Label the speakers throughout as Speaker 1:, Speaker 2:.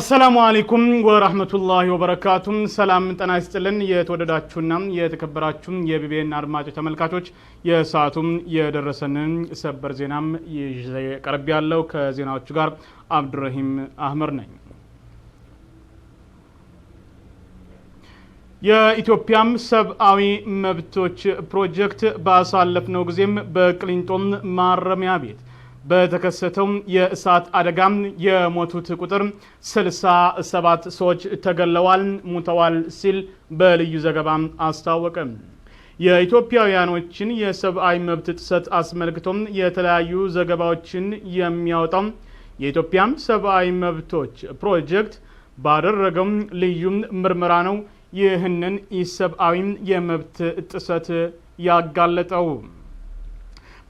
Speaker 1: አሰላሙ አሌይኩም ወራህመቱላሂ ወበረካቱም። ሰላም ጤና ይስጥልን። የተወደዳችሁና የተከበራችሁ የቢቢኤን አድማጮች ተመልካቾች፣ የሰዓቱም የደረሰንን ሰበር ዜናም ይዤ ቀርብ ያለው ከዜናዎቹ ጋር አብዱረሂም አህመድ ነኝ። የኢትዮጵያም ሰብአዊ መብቶች ፕሮጀክት ባሳለፍነው ጊዜም በቅሊንጦም ማረሚያ ቤት በተከሰተው የእሳት አደጋም የሞቱት ቁጥር 67 ሰዎች ተገለዋል፣ ሙተዋል ሲል በልዩ ዘገባ አስታወቀ። የኢትዮጵያውያኖችን የሰብአዊ መብት ጥሰት አስመልክቶም የተለያዩ ዘገባዎችን የሚያወጣው የኢትዮጵያም ሰብአዊ መብቶች ፕሮጀክት ባደረገው ልዩ ምርመራ ነው ይህንን ኢሰብአዊ የመብት ጥሰት ያጋለጠው።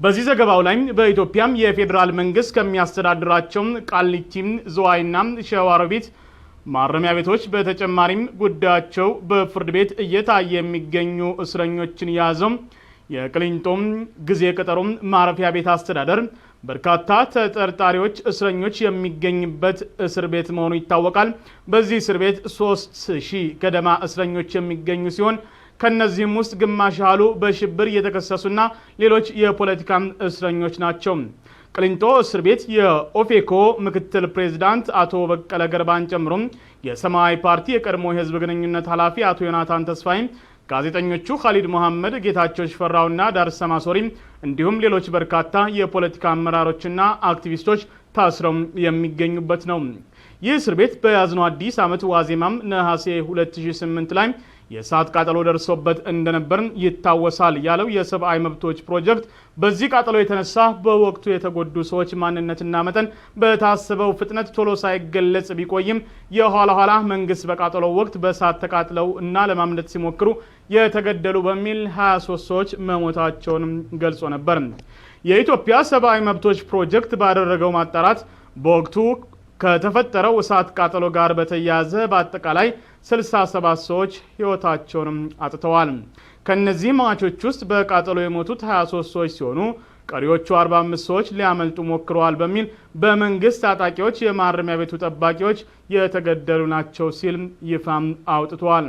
Speaker 1: በዚህ ዘገባው ላይ በኢትዮጵያም የፌዴራል መንግስት ከሚያስተዳድራቸው ቃሊቲም፣ ዝዋይና ሸዋሮቢት ማረሚያ ቤቶች በተጨማሪም ጉዳያቸው በፍርድ ቤት እየታየ የሚገኙ እስረኞችን የያዘው የቅሊንጦም ጊዜ ቀጠሮ ማረፊያ ቤት አስተዳደር በርካታ ተጠርጣሪዎች እስረኞች የሚገኝበት እስር ቤት መሆኑ ይታወቃል። በዚህ እስር ቤት ሶስት ሺህ ገደማ እስረኞች የሚገኙ ሲሆን ከእነዚህም ውስጥ ግማሽ ያህሉ በሽብር የተከሰሱና ሌሎች የፖለቲካ እስረኞች ናቸው። ቅሊንጦ እስር ቤት የኦፌኮ ምክትል ፕሬዚዳንት አቶ በቀለ ገርባን ጨምሮ የሰማያዊ ፓርቲ የቀድሞ የህዝብ ግንኙነት ኃላፊ አቶ ዮናታን ተስፋይም ጋዜጠኞቹ ካሊድ መሐመድ፣ ጌታቸው ሽፈራውና ዳርሰማ ማሶሪ እንዲሁም ሌሎች በርካታ የፖለቲካ አመራሮችና አክቲቪስቶች ታስረው የሚገኙበት ነው። ይህ እስር ቤት በያዝነው አዲስ ዓመት ዋዜማም ነሐሴ 2008 ላይ የእሳት ቃጠሎ ደርሶበት እንደነበርን ይታወሳል ያለው የሰብአዊ መብቶች ፕሮጀክት በዚህ ቃጠሎ የተነሳ በወቅቱ የተጎዱ ሰዎች ማንነትና መጠን በታሰበው ፍጥነት ቶሎ ሳይገለጽ ቢቆይም የኋላ ኋላ መንግስት በቃጠሎው ወቅት በእሳት ተቃጥለው እና ለማምለጥ ሲሞክሩ የተገደሉ በሚል 23 ሰዎች መሞታቸውንም ገልጾ ነበር። የኢትዮጵያ ሰብአዊ መብቶች ፕሮጀክት ባደረገው ማጣራት በወቅቱ ከተፈጠረው እሳት ቃጠሎ ጋር በተያያዘ በአጠቃላይ 67 ሰዎች ሕይወታቸውንም አጥተዋል። ከእነዚህ ሟቾች ውስጥ በቃጠሎ የሞቱት 23 ሰዎች ሲሆኑ ቀሪዎቹ 45 ሰዎች ሊያመልጡ ሞክረዋል በሚል በመንግስት ታጣቂዎች የማረሚያ ቤቱ ጠባቂዎች የተገደሉ ናቸው ሲል ይፋም አውጥቷል።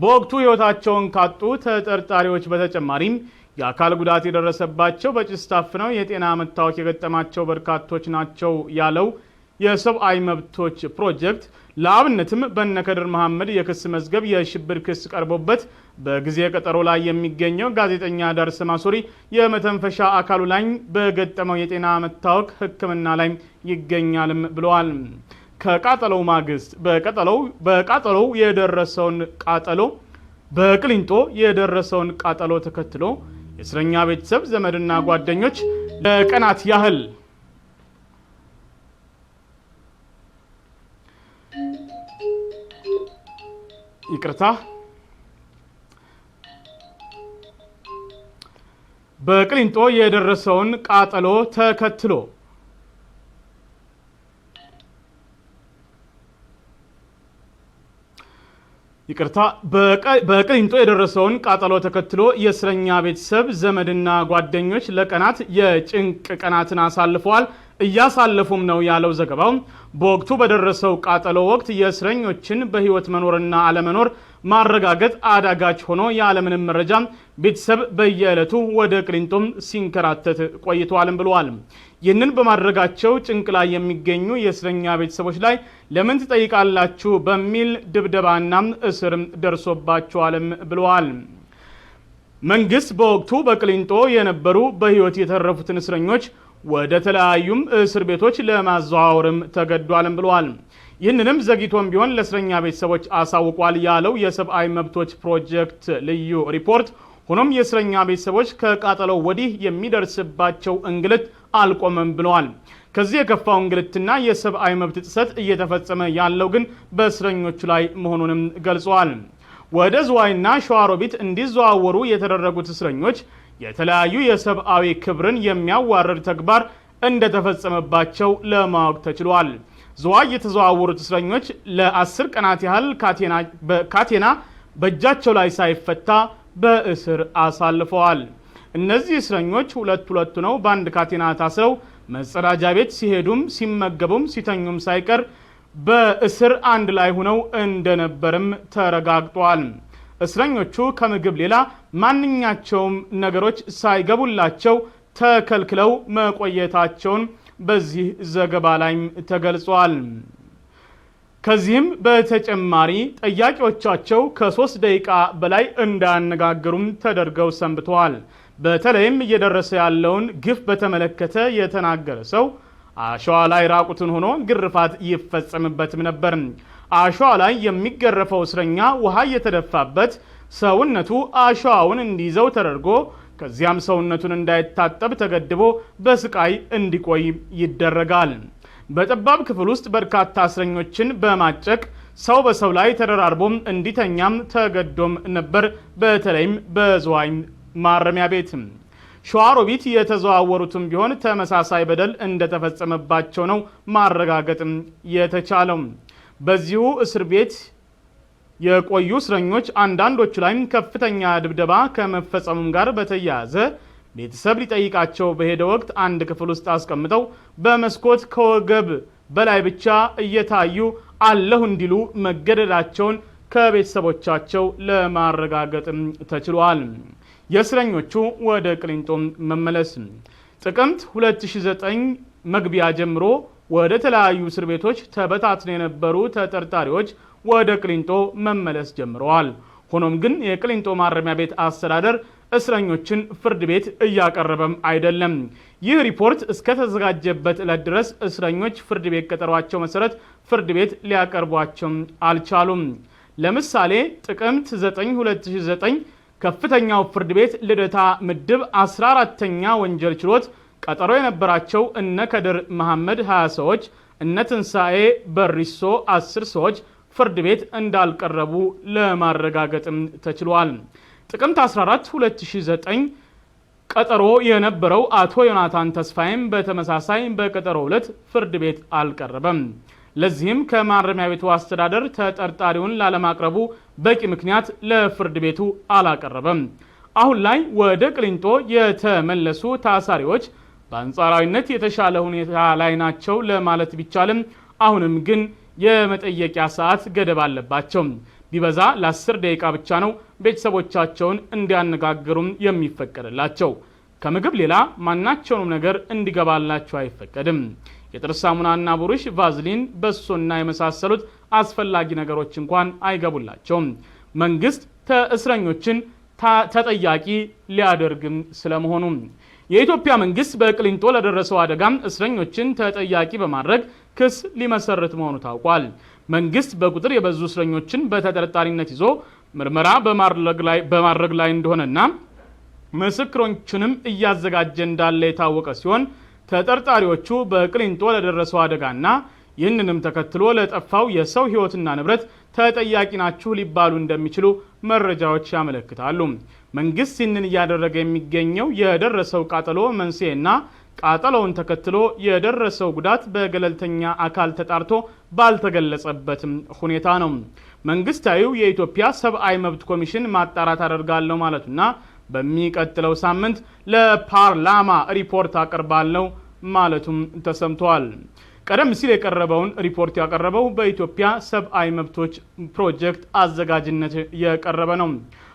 Speaker 1: በወቅቱ ሕይወታቸውን ካጡ ተጠርጣሪዎች በተጨማሪም የአካል ጉዳት የደረሰባቸው በጭስ ታፍነው የጤና መታወክ የገጠማቸው በርካቶች ናቸው ያለው የሰብአዊ መብቶች ፕሮጀክት ለአብነትም በነከድር መሐመድ የክስ መዝገብ የሽብር ክስ ቀርቦበት በጊዜ ቀጠሮ ላይ የሚገኘው ጋዜጠኛ ዳርስ ማሶሪ የመተንፈሻ አካሉ ላይ በገጠመው የጤና መታወክ ሕክምና ላይ ይገኛልም ብለዋል። ከቃጠለው ማግስት በቃጠለው የደረሰውን ቃጠሎ በቅሊንጦ የደረሰውን ቃጠሎ ተከትሎ የእስረኛ ቤተሰብ ዘመድና ጓደኞች ለቀናት ያህል ይቅርታ በቅሊንጦ የደረሰውን ቃጠሎ ተከትሎ ይቅርታ በቅሊንጦ የደረሰውን ቃጠሎ ተከትሎ የእስረኛ ቤተሰብ ዘመድና ጓደኞች ለቀናት የጭንቅ ቀናትን አሳልፈዋል እያሳለፉም ነው ያለው ዘገባው። በወቅቱ በደረሰው ቃጠሎ ወቅት የእስረኞችን በሕይወት መኖርና አለመኖር ማረጋገጥ አዳጋች ሆኖ ያለምንም መረጃ ቤተሰብ በየዕለቱ ወደ ቅሊንጦም ሲንከራተት ቆይተዋልም ብለዋል። ይህንን በማድረጋቸው ጭንቅ ላይ የሚገኙ የእስረኛ ቤተሰቦች ላይ ለምን ትጠይቃላችሁ በሚል ድብደባና እስርም ደርሶባቸዋልም ብለዋል። መንግስት በወቅቱ በቅሊንጦ የነበሩ በህይወት የተረፉትን እስረኞች ወደ ተለያዩም እስር ቤቶች ለማዘዋወርም ተገዷልም ብለዋል። ይህንንም ዘግይቶም ቢሆን ለእስረኛ ቤተሰቦች አሳውቋል ያለው የሰብአዊ መብቶች ፕሮጀክት ልዩ ሪፖርት ሆኖም የእስረኛ ቤተሰቦች ከቃጠለው ወዲህ የሚደርስባቸው እንግልት አልቆመም ብለዋል። ከዚህ የከፋው እንግልትና የሰብአዊ መብት ጥሰት እየተፈጸመ ያለው ግን በእስረኞቹ ላይ መሆኑንም ገልጸዋል። ወደ ዝዋይና ሸዋሮቢት እንዲዘዋወሩ የተደረጉት እስረኞች የተለያዩ የሰብአዊ ክብርን የሚያዋርድ ተግባር እንደተፈጸመባቸው ለማወቅ ተችሏል። ዝዋይ የተዘዋወሩት እስረኞች ለአስር ቀናት ያህል ካቴና በእጃቸው ላይ ሳይፈታ በእስር አሳልፈዋል። እነዚህ እስረኞች ሁለት ሁለቱ ነው በአንድ ካቴና ታስረው መጸዳጃ ቤት ሲሄዱም ሲመገቡም ሲተኙም ሳይቀር በእስር አንድ ላይ ሆነው እንደነበርም ተረጋግጧል። እስረኞቹ ከምግብ ሌላ ማንኛቸውም ነገሮች ሳይገቡላቸው ተከልክለው መቆየታቸውን በዚህ ዘገባ ላይም ተገልጿል። ከዚህም በተጨማሪ ጠያቂዎቻቸው ከሶስት ደቂቃ በላይ እንዳያነጋግሩም ተደርገው ሰንብተዋል። በተለይም እየደረሰ ያለውን ግፍ በተመለከተ የተናገረ ሰው አሸዋ ላይ ራቁትን ሆኖ ግርፋት ይፈጸምበትም ነበር። አሸዋ ላይ የሚገረፈው እስረኛ ውሃ እየተደፋበት ሰውነቱ አሸዋውን እንዲይዘው ተደርጎ ከዚያም ሰውነቱን እንዳይታጠብ ተገድቦ በስቃይ እንዲቆይ ይደረጋል። በጠባብ ክፍል ውስጥ በርካታ እስረኞችን በማጨቅ ሰው በሰው ላይ ተደራርቦም እንዲተኛም ተገዶም ነበር። በተለይም በዘዋኝ ማረሚያ ቤት ሸዋሮቢት የተዘዋወሩትም ቢሆን ተመሳሳይ በደል እንደተፈጸመባቸው ነው ማረጋገጥም የተቻለው። በዚሁ እስር ቤት የቆዩ እስረኞች አንዳንዶቹ ላይም ከፍተኛ ድብደባ ከመፈጸሙም ጋር በተያያዘ ቤተሰብ ሊጠይቃቸው በሄደ ወቅት አንድ ክፍል ውስጥ አስቀምጠው በመስኮት ከወገብ በላይ ብቻ እየታዩ አለሁ እንዲሉ መገደዳቸውን ከቤተሰቦቻቸው ለማረጋገጥም ተችሏል። የእስረኞቹ ወደ ቅሊንጦም መመለስ ጥቅምት 2009 መግቢያ ጀምሮ ወደ ተለያዩ እስር ቤቶች ተበታትነው የነበሩ ተጠርጣሪዎች ወደ ቅሊንጦ መመለስ ጀምረዋል። ሆኖም ግን የቅሊንጦ ማረሚያ ቤት አስተዳደር እስረኞችን ፍርድ ቤት እያቀረበም አይደለም። ይህ ሪፖርት እስከተዘጋጀበት ዕለት ድረስ እስረኞች ፍርድ ቤት ቀጠሯቸው መሰረት ፍርድ ቤት ሊያቀርቧቸውም አልቻሉም። ለምሳሌ ጥቅምት 9 2009 ከፍተኛው ፍርድ ቤት ልደታ ምድብ 14ተኛ ወንጀል ችሎት ቀጠሮ የነበራቸው እነ ከድር መሐመድ 20 ሰዎች፣ እነ ትንሣኤ በሪሶ 10 ሰዎች ፍርድ ቤት እንዳልቀረቡ ለማረጋገጥም ተችሏል። ጥቅምት 14 2009 ቀጠሮ የነበረው አቶ ዮናታን ተስፋዬም በተመሳሳይ በቀጠሮ ዕለት ፍርድ ቤት አልቀረበም። ለዚህም ከማረሚያ ቤቱ አስተዳደር ተጠርጣሪውን ላለማቅረቡ በቂ ምክንያት ለፍርድ ቤቱ አላቀረበም። አሁን ላይ ወደ ቅሊንጦ የተመለሱ ታሳሪዎች በአንጻራዊነት የተሻለ ሁኔታ ላይ ናቸው ለማለት ቢቻልም አሁንም ግን የመጠየቂያ ሰዓት ገደብ አለባቸው። ቢበዛ ለአስር ደቂቃ ብቻ ነው ቤተሰቦቻቸውን እንዲያነጋግሩም የሚፈቀድላቸው። ከምግብ ሌላ ማናቸውንም ነገር እንዲገባላቸው አይፈቀድም። የጥርስ ሳሙናና ቡሩሽ፣ ቫዝሊን፣ በሶና የመሳሰሉት አስፈላጊ ነገሮች እንኳን አይገቡላቸውም። መንግስት እስረኞችን ተጠያቂ ሊያደርግም ስለመሆኑ የኢትዮጵያ መንግስት በቅሊንጦ ለደረሰው አደጋም እስረኞችን ተጠያቂ በማድረግ ክስ ሊመሰርት መሆኑ ታውቋል። መንግስት በቁጥር የበዙ እስረኞችን በተጠርጣሪነት ይዞ ምርመራ በማድረግ ላይ እንደሆነና ምስክሮችንም እያዘጋጀ እንዳለ የታወቀ ሲሆን ተጠርጣሪዎቹ በቅሊንጦ ለደረሰው አደጋና ይህንንም ተከትሎ ለጠፋው የሰው ሕይወትና ንብረት ተጠያቂ ናችሁ ሊባሉ እንደሚችሉ መረጃዎች ያመለክታሉ። መንግስት ይህንን እያደረገ የሚገኘው የደረሰው ቃጠሎ መንስኤና ቃጠሎውን ተከትሎ የደረሰው ጉዳት በገለልተኛ አካል ተጣርቶ ባልተገለጸበትም ሁኔታ ነው። መንግስታዊው የኢትዮጵያ ሰብአዊ መብት ኮሚሽን ማጣራት አደርጋለሁ ማለቱና በሚቀጥለው ሳምንት ለፓርላማ ሪፖርት አቀርባለሁ ማለቱም ተሰምተዋል። ቀደም ሲል የቀረበውን ሪፖርት ያቀረበው በኢትዮጵያ ሰብአዊ መብቶች ፕሮጀክት አዘጋጅነት የቀረበ ነው።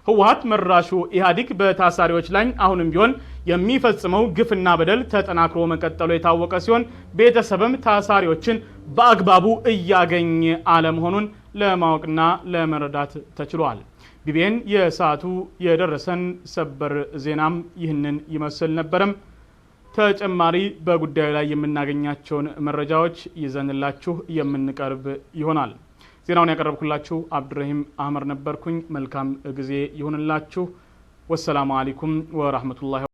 Speaker 1: ህወሀት መራሹ ኢህአዲግ በታሳሪዎች ላይ አሁንም ቢሆን የሚፈጽመው ግፍና በደል ተጠናክሮ መቀጠሉ የታወቀ ሲሆን ቤተሰብም ታሳሪዎችን በአግባቡ እያገኘ አለመሆኑን ለማወቅና ለመረዳት ተችሏል። ቢቢኤን የሰዓቱ የደረሰን ሰበር ዜናም ይህንን ይመስል ነበረም። ተጨማሪ በጉዳዩ ላይ የምናገኛቸውን መረጃዎች ይዘንላችሁ የምንቀርብ ይሆናል። ዜናውን ያቀረብኩላችሁ አብዱረሂም አህመር ነበርኩኝ። መልካም ጊዜ ይሁንላችሁ። ወሰላሙ አሌይኩም ወራህመቱላ